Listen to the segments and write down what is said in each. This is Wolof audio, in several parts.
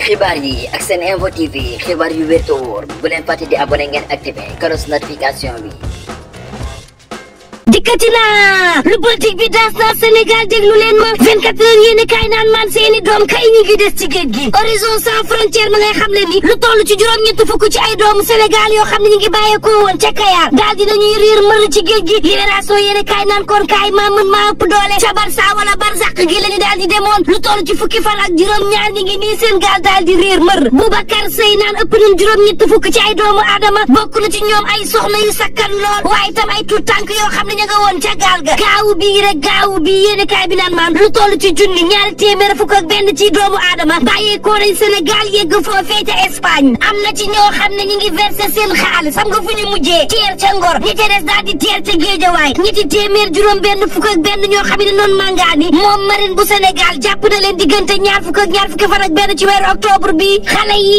xibaar yi ak seen info TV xibaar yu wér te wóor bu leen fàtte di abonné ngeen activé cloche notification bi yëkkati na lu politique bi daas na Sénégal déglu leen ma 24 heures yéen kaay naan man seeni doom kay ñi ngi des ci géej gi horizon sans frontière ma ngay xam le ni lu toll ci juróom-ñett fukk ci ay doomu Sénégal yoo xam ne ñi ngi bàyyeekoo woon ca Kayar daal dinañuy riir mër ci géej gi libération yéen kaay naan kon kaay maa mën maa ëpp doole ca Barça wala Barzak gi la ñu daal di demoon lu toll ci fukki fan ak juróom-ñaar ñi ngi nii seen gaal daal di riir mër Boubacar Seye naan ëpp nañ juróom-ñett fukk ci ay doomu aadama bokk na ci ñoom ay soxna yu sakkan lool waaye tam ay tuut tànk yoo xam ne ña nga woon ca gaal ga gaawu bii rek gaawu bii yéen kaay bi naan maan lu toll ci junni ñaari téeméer fukk ak benn ci doomu aadama bàyyee koo nañ Sénégal yegg foofee ca Espagne am na ci ñoo xam ne ñi ngi versé seen xaalis xam nga fu ñu mujjee teer ca Ngor ñi ca des daal di ca Géejawaay ñetti téeméer juróom benn fukk benn ñoo xam ne noonu màngaani moom marine bu Sénégal jàpp na leen diggante ñaar fukk ñaar fukki fan benn ci weeru octobre bi xale yi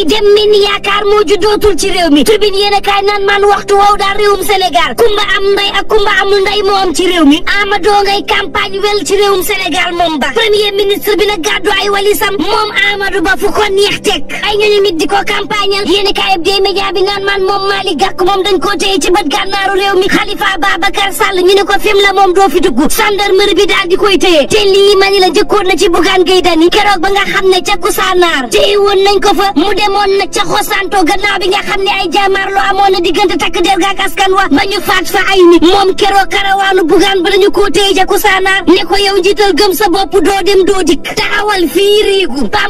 lii moo am ci réew mi Amadou ngay campagne wel ci réewum Sénégal moom ba premier ministre bi nag gàddu ay walisam moom Amadou Ba fu ko neex teg ay ñooñu nit di ko campagnal yéeni kaay bi dee média bi naan man moom Malick Gakou moom dañ koo téye ci bët gànnaaru réew mi Khalifa Babacar Sall ñu ne ko fim la moom doo fi dugg gendarmerie bi daal di koy téye te lii ma ni la njëkkoon na ci Bougane Gueye Dany keroog ba nga xam ne ca Koussanar téye woon nañ ko fa mu demoon moom keroog karawaanu bugaan ba dañu koo téye ja kusaanaa ne ko yow njiital gëm sa bopp doo dem doo dikk taxawal fii riigu Pa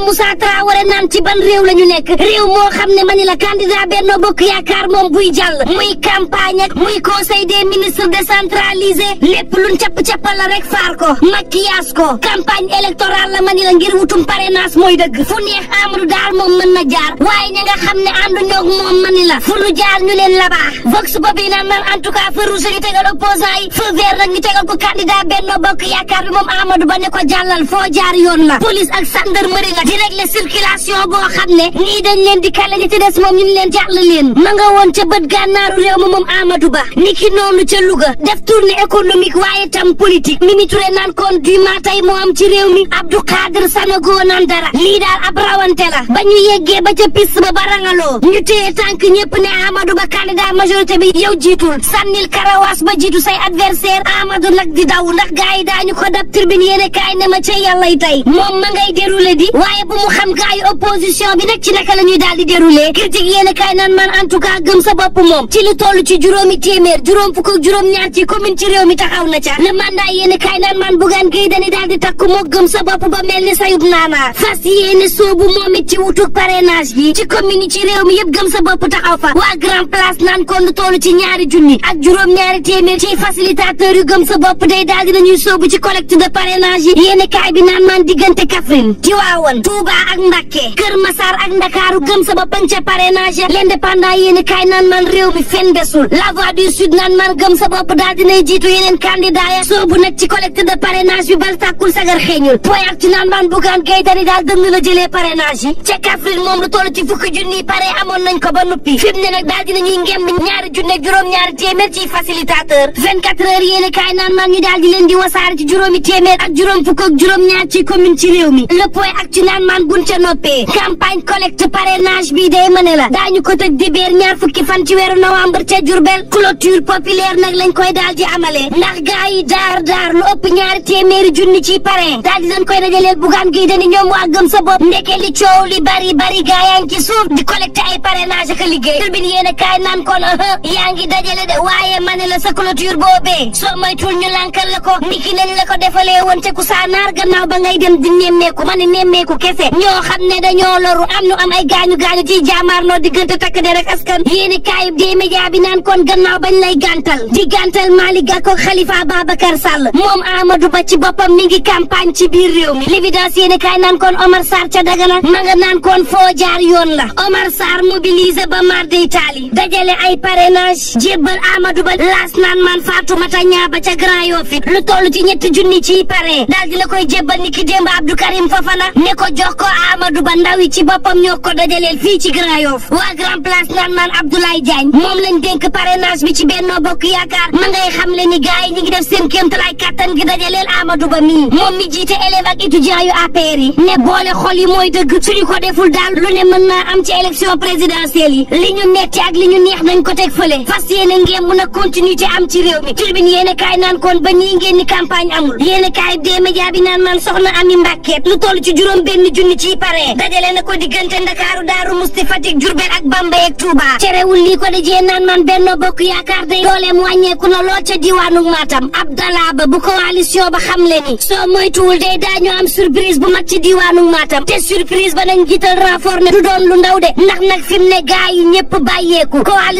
ci ban réew la ñu nekk réew moo xam ne mani la candidat Benno Bokk Yaakaar moom buy jàll muy campagne ak muy conseil des ministres décentralisé lépp luñ capp-cappal la rek faar ko maquillage ko campagne électorale la mani la ngir wutum parrainage mooy dëgg fu neex Amadou daal moom mën jaar waaye ña nga xam ne àndu ñoog moom mani la fu nu jaar ñu leen feu vert nag ñu tegal ko candidat Benno Bokk Yaakaar bi moom Amadou Ba ne ko jàllal foo jaar yoon la police ak gendarmerie nag di régler circulation boo xam ne ñii dañ leen di kale ñi ci des moom ñu ngi leen jàll leen ma nga woon ca bët gànnaaru réew ma moom Amadou Ba ni ki noonu ca Louga def tournée économique waaye tam politique Mimi Touré naan kon du ma tey moo ci réew mi Abdou Kader Sanogo naan dara lii daal ab rawante la ba ñu yeggee ba ca piste ba adversaire Amadou nag di daw ndax gaa yi daañu ko dab tribune yéen ne ma ca yàllay tey moom ma ngay déroulé di waaye bu mu xam gaa opposition bi nag ci naka la ñuy daal di déroulé critique yéen kaay naan man en tout cas gëm sa bopp moom ci lu toll ci juróomi téeméer juróom fukk juróom-ñaar ci commune ci mi taxaw na ca le mandat yéen kaay naan man bugaan géy dañi daal di takk moo gëm sa bopp ba mel ni sayub naanaa fas yéene soobu moom ci wutuk parrainage gi ci commune ci réew mi yëpp gëm sa bopp taxaw fa waa grand place naan kon lu toll ci ñaari junni ak juróom-ñaari téeméer ci facilité candidature yu gëm sa bopp day daal di nañuy soobu ci collecte de parrainage yi yéen kaay bi naan gëm sa bopp ca parrainage la voix du sud naan maan gëm sa bopp daal dinay jiitu yeneen candidat ya soobu nag ci collecte de parrainage bi bal tàkkul sagar xeeñul point ak ci naan maan Bougane Gueye Dany daal dëng la jëlee parrainage yi ca Kaffrine moom lu toll ci fukki junniy pare amoon nañ ko ba nuppi fi mu ne nag daal dinañuy ngem ñaari junne ñaari téeméer ci facilitateur quatre heures yéen i kaay naan man ñu daal di leen di wasaare ci bi day mëne la daañu ko tëj dibéer ñaar fukki fan ci weeru novembre ca Jurbel clôture populaire nag lañ koy daal di amalee ndax gaa daar daar lu ëpp ñaari junni ci parrain daal di leen koy dajaleel bugaan gi dañu ñoom waa gëm sa bopp ndeke li coow bari bari gaa suuf di collecte ay a kaay ne soo moytuwul ñu lànkal la ko niki lañ la ko defalee woon ca Kousanaar gannaaw ba ngay dem di nemmeeku ma nemmeeku kese ñoo xam ne dañoo loru am nu am ay gaañu gaañu ciy jaamaarloo diggante takk der ak askan yéen i kaayub bi naan kon gannaaw bañ lay gàntal di gàntal Malick Gakou Khalifa Ababacar Sall moom Amadou Ba ci boppam mi ngi campagne ci biir réew mi l'évidence yéen i kaay naan kon Omar Sarr ca Dagana ma nga naan kon foo jaar mataña ba ca Grand Yoff lu toll ci ñetti junni ci pare daal di la koy jébbal ni ki démb Abdou Karim Fofana ne ko jox ko Amadou Ba ndaw yi ci boppam ñoo ko dajaleel fii ci Grand Yoff waa Grand Place naan naan Abdoulaye Diagne moom lañ dénk parrainage bi ci Benno Bokk Yaakaar ma ngay xam ni gaay yi ngi def seen kéemtalaay kàttan gi dajaleel Amadou Ba mii moom mi jiite élèves ak étudiants yu APR yi ne boole xol yi mooy dëgg suñu ko deful daal lu ne li ñu metti ak li ñu neex nañ ko teg fële fas yéene ngeen mën a continuité am ci réew tribune yéen a kaay naan kon ba nii ngeen ni campagne amul yéen a kaay dee média bi naan man soxna Ami Mbàkke lu toll ci juróom benn junni ci parrain dajale na ko diggante Ndakaaru Daaru Musti Fatick Diourbel ak Bambey ak Touba terewul lii ko dajee naan man Benno Bokk Yaakaar day dooleem wàññeeku na lool ca diwaanu Matam Abdallah Ba bu coalition ba xam le ni soo moytuwul day daañu am surprise bu mag ci diwaanu Matam te surprise ba nag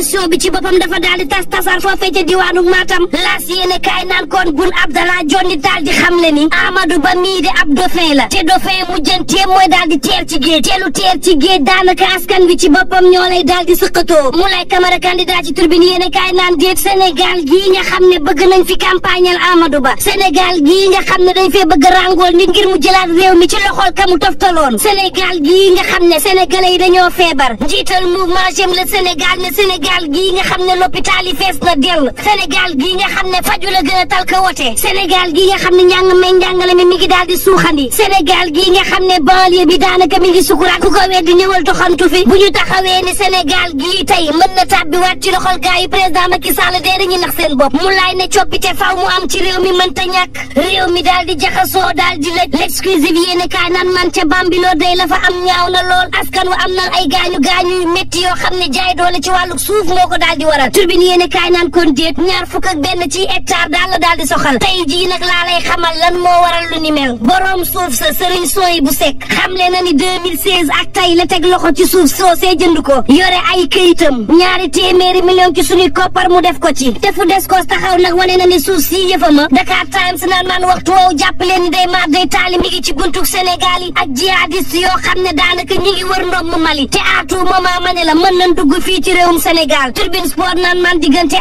fi mu bi ci boppam dafa daal di tas laas yéene kaay naan kon bun Abdallah jonni daal di xamle ni Amadou Ba mii di ab dauphin la te dauphin mu jënteem mooy daal di teer ci géej te teer ci géej daanaka askan wi ci boppam ñoo lay daal di sëqatoo mu lay Camara candidat ci tribune yéene kaay naan déet Sénégal gii nga xam ne bëgg nañ fi campagnal Amadou Ba Sénégal gii nga xam ne dañ fee bëgg rangool nit ngir mu jëlaat réew mi ci loxol kamu toftaloon Sénégal gii nga xam ne feebar njiital mouvement J'aime le Sénégal ne Sénégal gii nga xam ne l'hôpital fees na dell Sénégal gii gi nga xam ne faju la a tal ka wote Sénégal gi nga xam ne njàng njàngale mi mi ngi daal di suuxandi Sénégal gii nga xam ne banlieue bi daanaka mi ngi sukuraat ku ko weddi ñëwal doxantu fi bu ñu taxawee ni Sénégal gii tey mën na tàbbiwaat ci loxol gaay yi président Macky Sall dee dañuy nax seen bopp mu laay ne coppite faw mu am ci réew mi mënta ñàkk réew mi daal di jaxasoo daal di lëj l'exclusive yéene kaay naan man ca Bambilor day la fa am ñaaw lool askan wa am na ay gaañu gaañu yu xam ne jaay doole ci wàllu suuf moo ko di waral turbine yéene kon déet ñaar fukk ak ci hectare daal la di soxal tey jii nag laa lay waral lu ni mel borom suuf sa sëriñ sooy bu sekk xamle na ni 2016 ak tey la teg loxo ci suuf soosee jënd ko yore ay këyitam ñaari téeméeri million ci suñuy koppar mu def ko ci te des ko taxaw nag wane na suuf si yëfama Dakar Times naan man waxtu woowu jàpp leen ni day maar day taali mi ngi ci buntuk Sénégal yi ak jihadiste yoo xam ne daanaka ñi wër ndoom mu Mali te aatu moment ma ne mën nañ dugg fii ci réewum Sénégal Tribune Sport naan man diggante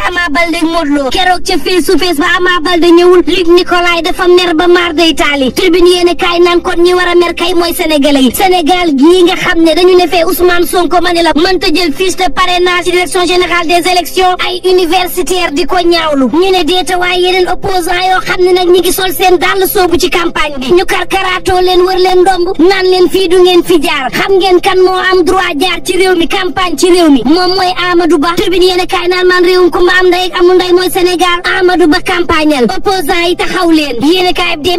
mar day taali tribune yéen kaay naan kon ñi war a mer kay mooy sénégalais yi sénégal gii nga xam ne dañu ne fee Ousmane Sonko ma ne la mënta jël fiche de parrainage ci direction générale des élections ay universitaire di ko ñaawlu ñu ne deeta waaye yeneen opposant yoo xam ne nag ñi ngi sol seen dàll soobu ci campagne bi ñu karkaraatoo leen wër leen ndomb naan leen fii du ngeen fi jaar xam ngeen kan moo am droit jaar ci réew mi campagne ci réew mi moom mooy Amadou Ba tribune yéen kaay naan man réewum kumba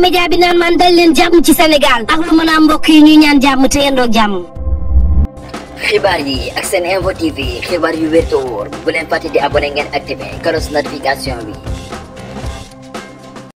média bi naan maan dal leen jàmm ci Sénégal ak lu mën a mbokk yi ñu ñaan jàmm te yendoog jàmm xibaar yi ak seen info TV xibaar yu wér te wóor bu leen fàtte di abonné ngeen activé cloche notification bi